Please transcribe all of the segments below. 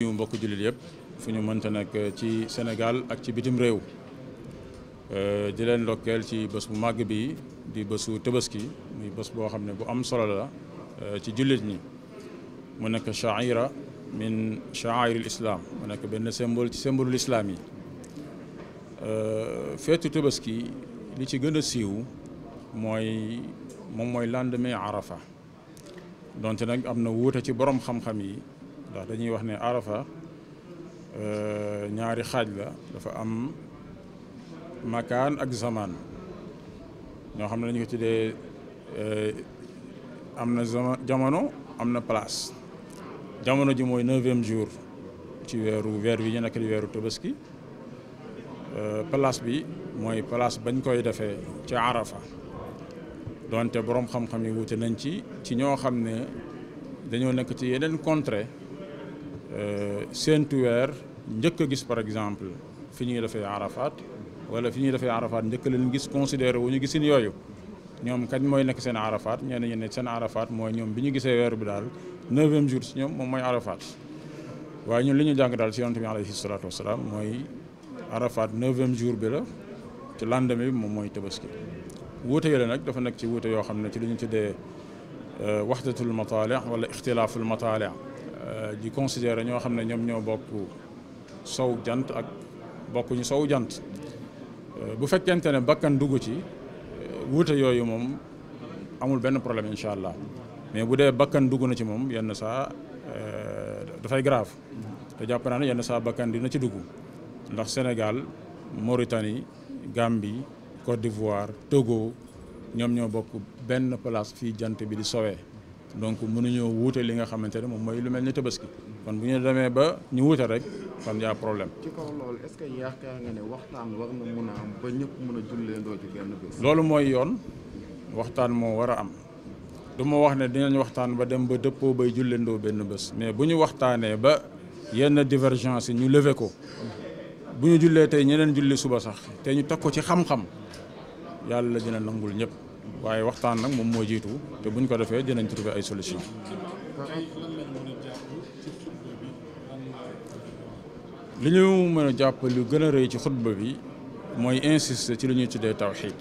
ñu mbokk jullit yëpp fu ñu mënta nag ci Sénégal ak ci bitim réew euh, di leen ndokkeel ci bés bu màgg bi di bësu tëbaski muy bés boo xam ne bu am solo la euh, ci jullit ñi mu nekk sha'ira min sha'airil islam mu nekk benn symbole ci symbole l'islam yi euh, feetu tëbaski li ci gën a siiw mooy moom mooy lendemain Arafa donte nag am na wuute ci boroom xam-xam yi ndax dañuy wax ne arafa euh, ñaari xaaj la dafa am makaan ak zamaan ñoo xam ne dañu ko tuddee euh, am na jamono am na place jamono ji mooy neuvième jour ci weeru weer wi ñu nekk di weeru tabaski euh, place bi mooy place bañ koy defee ci arafa donte boroom xam-xam yi wute nañ ci ci ñoo xam ne dañoo nekk ci yeneen contrée Euh, seentu weer njëkk a gis par exemple fi ñuy defee arafat wala fi ñuy defee arafat njëkk leen gis considéré wu ñu gisin yooyu ñoom kañ mooy nekk seen arafat ñenn ñi ne seen arafat mooy ñoom bi ñu gisee weer bi daal neuvième jour si ñoom moom mooy arafat waaye ñun li ñu jàng daal si yonent bi alayhi salaatu wasalaam mooy arafat neuvième jour bi la ci lendemain bi moom mooy tabaski wuute yi la nag dafa nekk ci wuute yoo xam ne ci li ñu tuddee euh, waxdatul matali wala ixtilaaful matali ji euh, considérer ñoo xam ne ñoom ñoo bokk sow jant ak bokkuñu sow jant euh, bu fekkente ne bakkan dugg ci euh, wuute yooyu moom amul benn problème incha allah mais bu dee bakkan dugg na ci moom yenn saa dafay grave te jàpp naa ne yenn saa bakkan dina ci dugg ndax Sénégal Mauritanie Gambie Côte d'Ivoire Togo ñoom ñoo bokk benn place fii jant bi di sowee donc mënuñoo wuute li nga xamante ne moom mooy lu mel ni tabaski kon bu ñu demee ba ñu wuute rek kon yaa problème. ci kaw loolu ce que yaakaar nga ne waxtaan war a am ba ñëpp mën a julleendoo ci benn bés. loolu mooy yoon waxtaan moo war a am du wax ne dinañ waxtaan ba dem ba dëppoo bay julleendoo benn bés mais bu ñu waxtaanee ba yenn divergence yi ñu lever ko bu ñu jullee tey ñeneen julli suba sax te ñu teg ko ci xam-xam yàlla dina nangul ñëpp. waaye waxtaan nag moom moo jiitu te buñ ko defee dinañ trouver ay solution li ñu mën a jàpp lu gën a rëy ci xutba bi mooy insister ci li ñuy tuddee tawxiid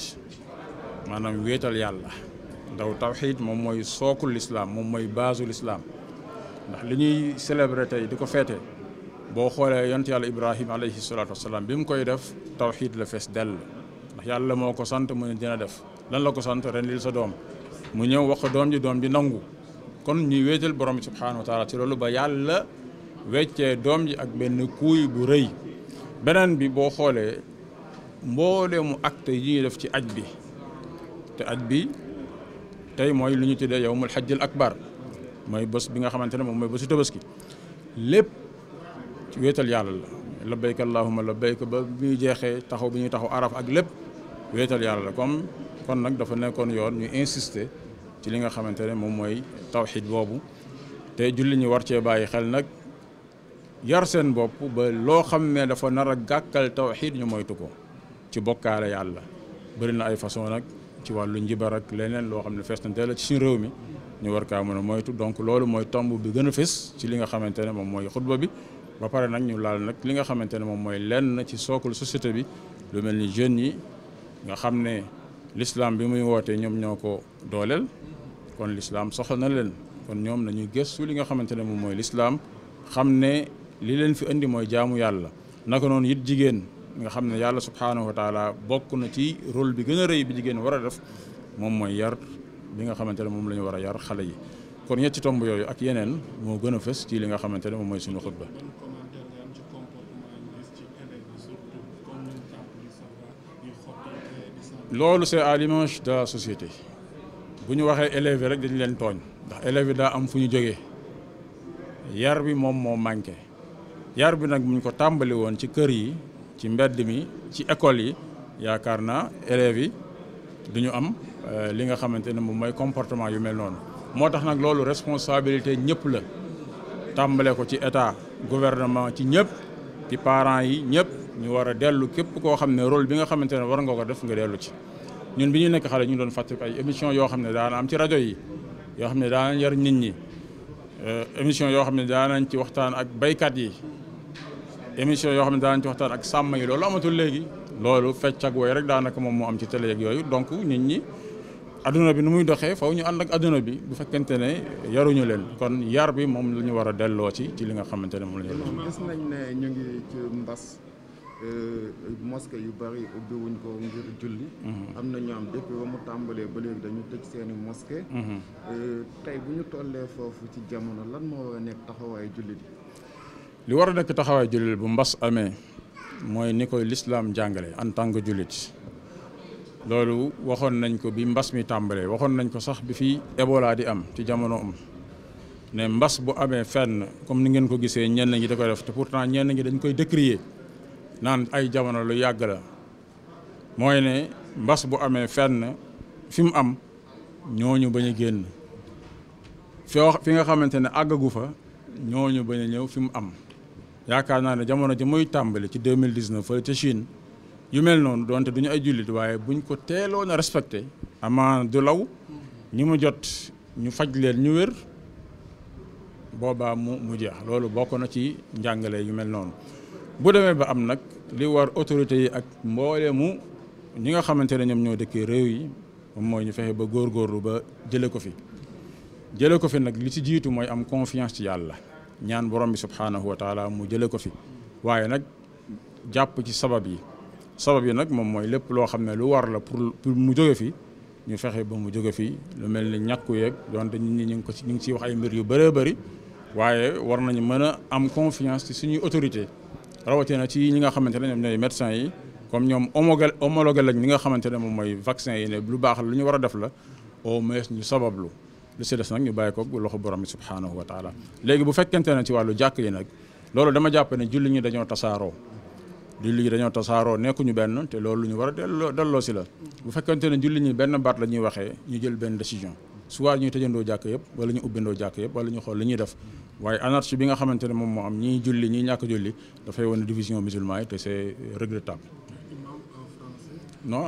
maanaam wéetal yàlla ndaw tawxiid moom mooy sookul lislaam moom mooy baasu lislaam ndax li ñuy célébrer tey di ko feete boo xoolee yont yàlla ibrahima alayhi salaatu wasalaam bi mu koy def tawxiid la fees dell ndax yàlla moo ko sant mu ne dina def lan la ko sant liil sa doom mu ñëw wax ko doom ji doom ji nangu kon ñuy wéetal borom bi subhaanahu wa taala ci loolu ba yàlla weccee doom ji ak benn kuuy bu rëy beneen bi boo xoolee mbooleemu acte yi ñuy def ci aj bi te aj bi tey mooy lu ñu tuddee yawmul xajjil akbar mooy bos bi nga xamante ne moom mooy bésu tabaski lépp ci wéetal yàlla la labbayka allahumma labbayka ba bi ñuy jeexee taxaw bu ñuy taxaw araf ak lépp wéetal yàlla la comme kon nag dafa nekkoon yoon ñu insisté ci li nga xamante ne moom mooy tawxid boobu te julli ñu war cee bàyyi xel nag yar seen bopp ba loo xam ne dafa nar a gàkkal tawxid ñu moytu ko ci bokkaale yàlla bëri na ay façon nag ci wàllu njibar ak leneen loo xam ne festante la ci si réew mi ñu war kaa mën moytu donc loolu mooy tomb bi gën a fës ci li nga xamante ne moom mooy xutba bi ba pare nag ñu laal nag li nga xamante ne moom mooy lenn ci sookul société bi lu mel ni jeunes yi nga xam ne l'islam bi muy wootee ñoom ñoo ko dooleel kon l'islam soxla na leen kon ñoom nañuy gëstu li nga xamante ne moom mooy l'islam xam ne li leen fi indi mooy jaamu yàlla naka noonu it jigéen nga xam ne yàlla subhaanahu wa taala bokk na ci rôle bi gën a rëy bi jigéen war a def moom mooy yar bi nga xamante ne moom la ñu war a yar xale yi kon ñetti tomb yooyu ak yeneen moo gën a fës ci li nga xamante ne moom mooy suñu xutba loolu c'est à l'image de la société bu ñu waxee élèves yi rek dañu leen tooñ ndax élèves yi daa am fu ñu jógee yar bi moom moo manqué yar bi nag buñ ko tàmbali woon ci kër yi ci mbedd mi ci école yi yaakaar naa élèves yi du ñu am euh, li nga xamante ne moom mooy comportement yu mel noonu moo tax nag loolu responsabilité ñëpp la tàmbale ko ci état gouvernement ci ñëpp ci parents yi ñëpp ñu war a dellu képp koo xam ne rôle bi nga xamante ne war nga ko def nga dellu ci ñun bi ñu nekk xale ñu ngi doon fàttali ay émission yoo xam ne daana am ci rajo yi yoo xam ne daanañ yar nit ñi euh, émission yoo xam ne daanañ ci waxtaan ak baykat yi émission yoo xam ne daanañ ci waxtaan ak sàmm yi loolu amatul léegi loolu fecc ak woy rek daanaka moom moo am ci télé yooyu donk nit ñi adduna bi nu muy doxee faw ñu ànd ak adduna bi bu fekkente ne yaruñu leen kon yar bi moom la ñu war a delloo ci ci li nga xamante ne moom la ñu. gis nañ ne ñu ngi ci mbas euh, mosquée yu bari ubbi wuñ ko ngir julli. Mhm. am na ñu am depuis ba mu tàmbalee ba léegi dañu tëj seeni moske mhm. euh, tey bu ñu tollee foofu ci jamono lan moo war nekk taxawaayu jullit li war a nekk taxawaayu jullit bu mbas amee mooy ni koy lislaam jàngale en tant que jullit. loolu waxoon nañ ko bi mbas mi tàmbalee waxoon nañ ko sax bi fi Ebola di am ci jamono am ne mbas bu amee fenn comme ni ngeen ko gisee ñenn ñi da koy def te pourtant ñenn ñi dañ koy décrier naan ay jamono lu yàgg la mooy ne mbas bu amee fenn fi mu am ñooñu bañ a génn fi fi nga xamante ne àggagu fa ñooñu bañ a ñëw fi mu am yaakaar naa ne jamono ja muy tàmbali ci 2019 fële ca Chine yu mel noonu donte duñu ay jullit waaye buñ ko teeloon a respecté amaan du law ñi mu jot ñu faj leen ñu wér boobaa mu mu jeex loolu bokk na ci njàngale yu mel noonu bu demee ba am nag li war autorité yi ak mboole mu ñi nga xamante ne ñoom ñoo dëkkee réew yi moom ñu fexe ba góor góorgóorlu ba jële ko fi jële ko fi nag li ci jiitu mooy am confiance ci yàlla ñaan borom bi subhaanahu wa taala mu jële ko fi waaye nag jàpp ci sabab yi sabab yi nag moom mooy lépp loo xam ne lu war la pour pour mu jóge fi ñu fexe ba mu jóge fii lu mel ni ñàkku yeeg donte nit ñi ñu ngi ko ci ñu ngi ciy wax ay mbir yu bëree bëri waaye war nañu mën a am confiance si suñuy autorité rawatina ci ñi nga xamante ne ñoom ñooy médecins yi comme ñoom homologué homologué lañ li nga xamante ne moom mooy vaccin yi ne lu baax la lu ñu war a def la au moins ñu sabablu lu si des nag ñu bàyyi ko loxo borom bi subhaanahu wa taala léegi bu fekkente ne ci wàllu jàkk yi nag loolu dama jàpp ne julli ñu dañoo tasaaroo julli yi dañoo tasaaroo nekkuñu benn te loolu lu ñu war a delloo delloo si la bu fekkente ne julli ñi benn baat la ñuy waxee ñu jël benn décision soit ñuy tëjandoo jàkk yëpp wala ñu ubbindoo jàkk yëpp wala ñu xool li ñuy def waaye anarchie bi nga xamante ne moom moo am ñiy julli ñiy ñàkk julli dafay wane division musulman yi te c'est regrettable non